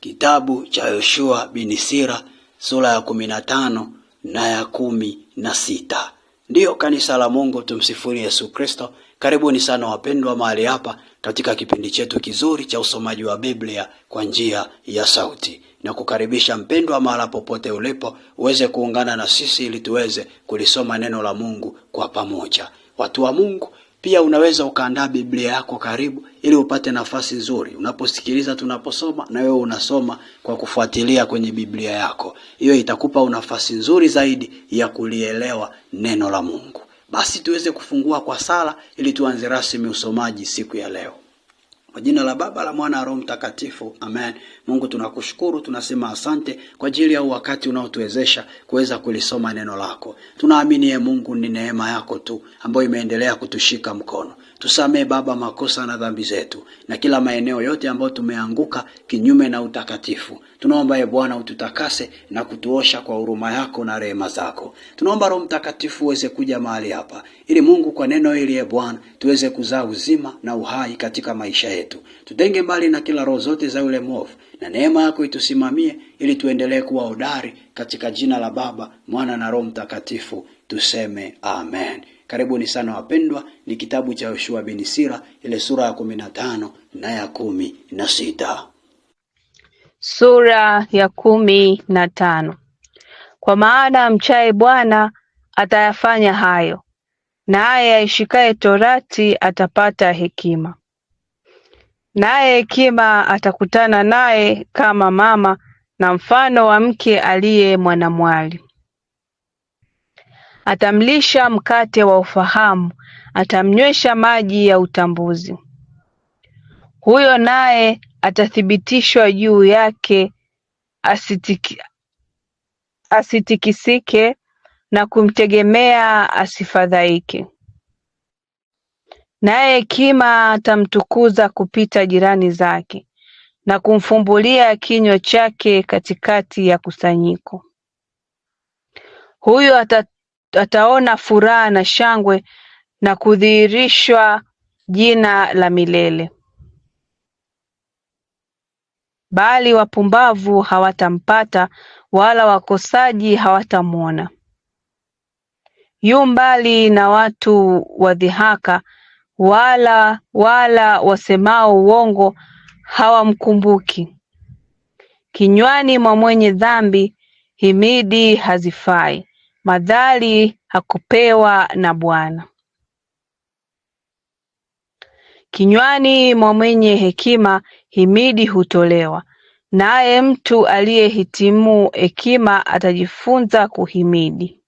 Kitabu cha Yoshua bin Sira sura ya kumi na tano na ya kumi na sita. Ndiyo kanisa la Mungu, tumsifuni Yesu Kristo. Karibuni sana wapendwa mahali hapa katika kipindi chetu kizuri cha usomaji wa Biblia kwa njia ya sauti, na kukaribisha mpendwa mahala popote ulipo uweze kuungana na sisi ili tuweze kulisoma neno la Mungu kwa pamoja. Watu wa Mungu, pia unaweza ukaandaa Biblia yako karibu, ili upate nafasi nzuri. Unaposikiliza tunaposoma, na wewe unasoma kwa kufuatilia kwenye Biblia yako. Hiyo itakupa nafasi nzuri zaidi ya kulielewa neno la Mungu. Basi tuweze kufungua kwa sala, ili tuanze rasmi usomaji siku ya leo. Kwa jina la Baba la Mwana Roho Mtakatifu, amen. Mungu tunakushukuru, tunasema asante kwa ajili ya wakati unaotuwezesha kuweza kulisoma neno lako. Tunaamini ye ee Mungu, ni neema yako tu ambayo imeendelea kutushika mkono Tusamee Baba makosa na dhambi zetu na kila maeneo yote ambayo tumeanguka kinyume na utakatifu. Tunaomba ye ee Bwana ututakase na kutuosha kwa huruma yako na rehema zako. Tunaomba Roho Mtakatifu uweze kuja mahali hapa, ili Mungu kwa neno hili ye ee Bwana tuweze kuzaa uzima na uhai katika maisha yetu. Tutenge mbali na kila roho zote za yule mwovu, na neema yako itusimamie, ili tuendelee kuwa hodari katika jina la Baba, Mwana na Roho Mtakatifu. Tuseme amen. Karibuni sana wapendwa, ni kitabu cha Yoshua bin Sira, ile sura ya kumi na tano na ya kumi na sita. Sura ya kumi na tano. Kwa maana mchaye Bwana atayafanya hayo, naye aishikaye torati atapata hekima, naye hekima atakutana naye kama mama, na mfano wa mke aliye mwanamwali atamlisha mkate wa ufahamu, atamnywesha maji ya utambuzi. Huyo naye atathibitishwa juu yake, asitiki, asitikisike na kumtegemea asifadhaike. Naye hekima atamtukuza kupita jirani zake, na kumfumbulia kinywa chake katikati ya kusanyiko. Huyo ataona furaha na shangwe na kudhihirishwa jina la milele, bali wapumbavu hawatampata wala wakosaji hawatamwona. Yu mbali na watu wadhihaka, wala wala wasemao uongo hawamkumbuki. Kinywani mwa mwenye dhambi himidi hazifai madhari hakupewa na Bwana. Kinywani mwa mwenye hekima himidi hutolewa, naye mtu aliyehitimu hekima atajifunza kuhimidi.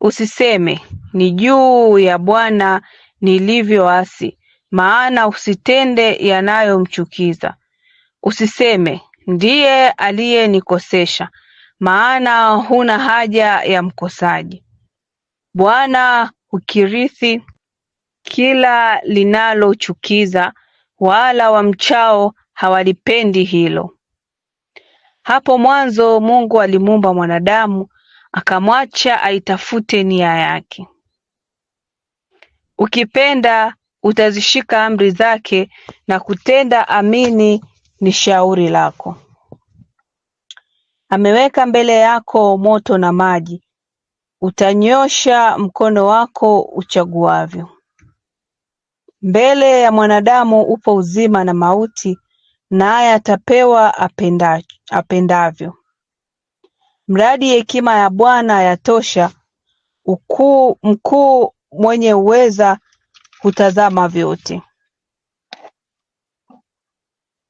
Usiseme, ni juu ya Bwana nilivyoasi, maana usitende yanayomchukiza. Usiseme, ndiye aliyenikosesha, maana huna haja ya mkosaji. Bwana hukirithi kila linalochukiza, wala wamchao hawalipendi hilo. Hapo mwanzo Mungu alimuumba mwanadamu, akamwacha aitafute nia yake. Ukipenda utazishika amri zake, na kutenda amini ni shauri lako. Ameweka mbele yako moto na maji, utanyosha mkono wako uchaguavyo. Mbele ya mwanadamu upo uzima na mauti, naye atapewa apenda, apendavyo. Mradi hekima ya Bwana yatosha, ukuu mkuu mwenye uweza hutazama vyote.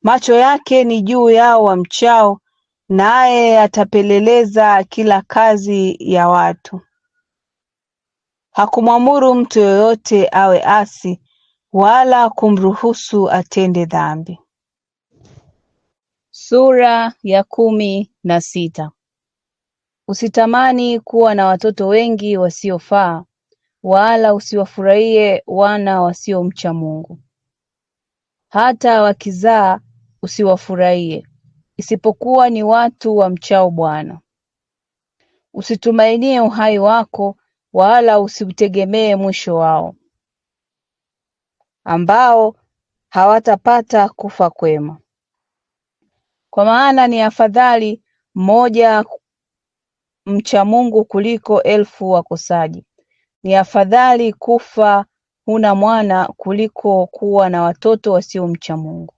Macho yake ni juu yao wamchao, naye atapeleleza kila kazi ya watu. Hakumwamuru mtu yoyote awe asi, wala kumruhusu atende dhambi. Sura ya kumi na sita. Usitamani kuwa na watoto wengi wasiofaa, wala usiwafurahie wana wasiomcha Mungu. Hata wakizaa usiwafurahie, Isipokuwa ni watu wa mchao Bwana. Usitumainie uhai wako, wala usiutegemee mwisho wao, ambao hawatapata kufa kwema. Kwa maana ni afadhali mmoja mcha Mungu kuliko elfu wakosaji. Ni afadhali kufa huna mwana kuliko kuwa na watoto wasiomcha Mungu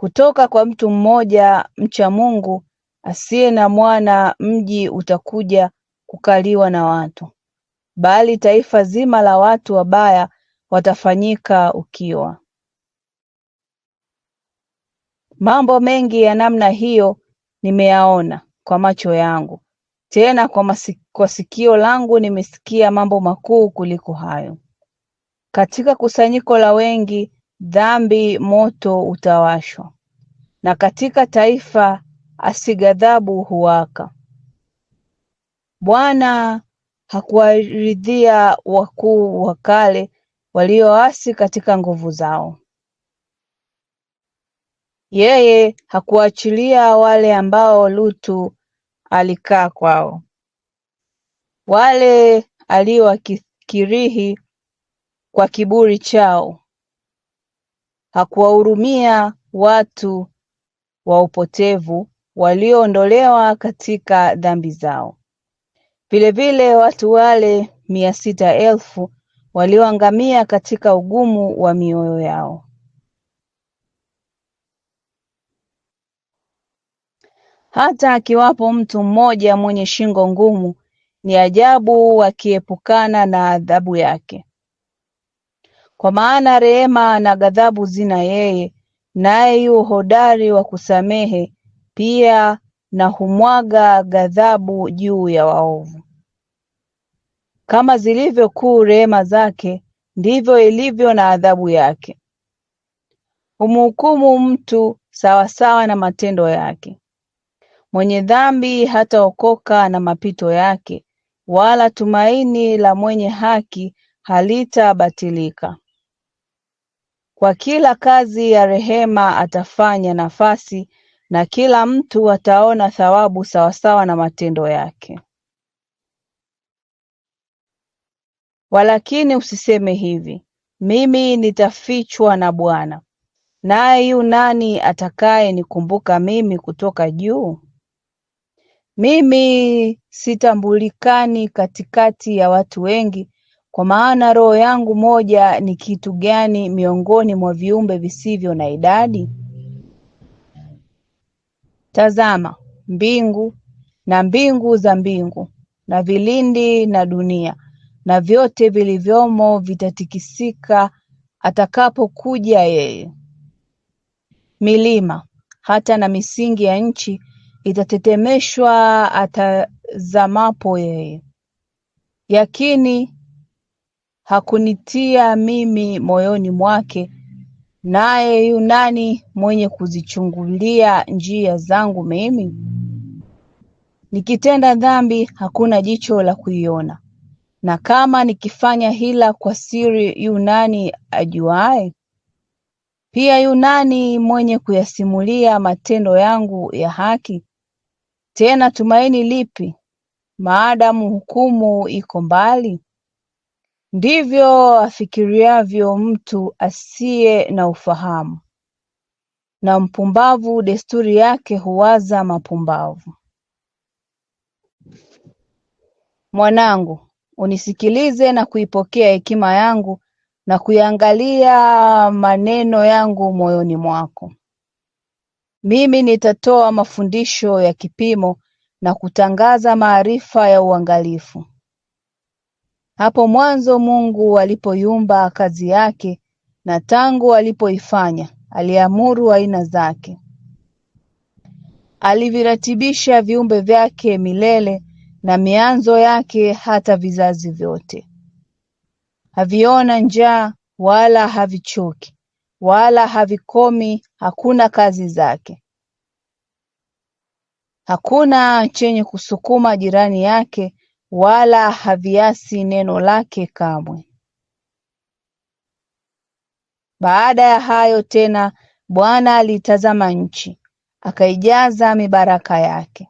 kutoka kwa mtu mmoja mcha Mungu asiye na mwana Mji utakuja kukaliwa na watu, bali taifa zima la watu wabaya watafanyika ukiwa. Mambo mengi ya namna hiyo nimeyaona kwa macho yangu, tena kwa masik kwa sikio langu nimesikia mambo makuu kuliko hayo. Katika kusanyiko la wengi dhambi moto utawashwa, na katika taifa asigadhabu huwaka. Bwana hakuwaridhia wakuu wa kale walioasi katika nguvu zao. Yeye hakuachilia wale ambao Lutu alikaa kwao, wale aliowakirihi kwa kiburi chao hakuwahurumia watu wa upotevu walioondolewa katika dhambi zao vilevile watu wale mia sita elfu walioangamia katika ugumu wa mioyo yao hata akiwapo mtu mmoja mwenye shingo ngumu, ni ajabu wakiepukana na adhabu yake. Kwa maana rehema na ghadhabu zina yeye, naye yu hodari wa kusamehe pia, na humwaga ghadhabu juu ya waovu. Kama zilivyo kuu rehema zake, ndivyo ilivyo na adhabu yake. Humhukumu mtu sawasawa na matendo yake. Mwenye dhambi hataokoka na mapito yake, wala tumaini la mwenye haki halitabatilika. Kwa kila kazi ya rehema atafanya nafasi na kila mtu ataona thawabu sawasawa na matendo yake. Walakini usiseme hivi, mimi nitafichwa na Bwana, naye yu nani atakaye nikumbuka mimi kutoka juu? Mimi sitambulikani katikati ya watu wengi, kwa maana roho yangu moja ni kitu gani miongoni mwa viumbe visivyo na idadi? Tazama mbingu na mbingu za mbingu na vilindi na dunia na vyote vilivyomo vitatikisika atakapokuja yeye. Milima hata na misingi ya nchi itatetemeshwa atazamapo yeye. Yakini hakunitia mimi moyoni mwake, naye yu nani mwenye kuzichungulia njia zangu mimi? Nikitenda dhambi hakuna jicho la kuiona, na kama nikifanya hila kwa siri, yu nani ajuaye? Pia yu nani mwenye kuyasimulia matendo yangu ya haki? Tena tumaini lipi, maadamu hukumu iko mbali? Ndivyo afikiriavyo mtu asiye na ufahamu, na mpumbavu desturi yake huwaza mapumbavu. Mwanangu, unisikilize na kuipokea hekima yangu na kuyaangalia maneno yangu moyoni mwako. Mimi nitatoa mafundisho ya kipimo na kutangaza maarifa ya uangalifu. Hapo mwanzo Mungu alipoiumba kazi yake na tangu alipoifanya, aliamuru aina zake, aliviratibisha viumbe vyake milele, na mianzo yake hata vizazi vyote. Haviona njaa wala havichoki wala havikomi, hakuna kazi zake. Hakuna chenye kusukuma jirani yake wala haviasi neno lake kamwe. Baada ya hayo tena Bwana aliitazama nchi, akaijaza mibaraka yake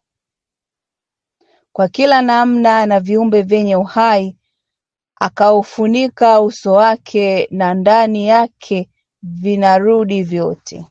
kwa kila namna na viumbe vyenye uhai, akaufunika uso wake, na ndani yake vinarudi vyote.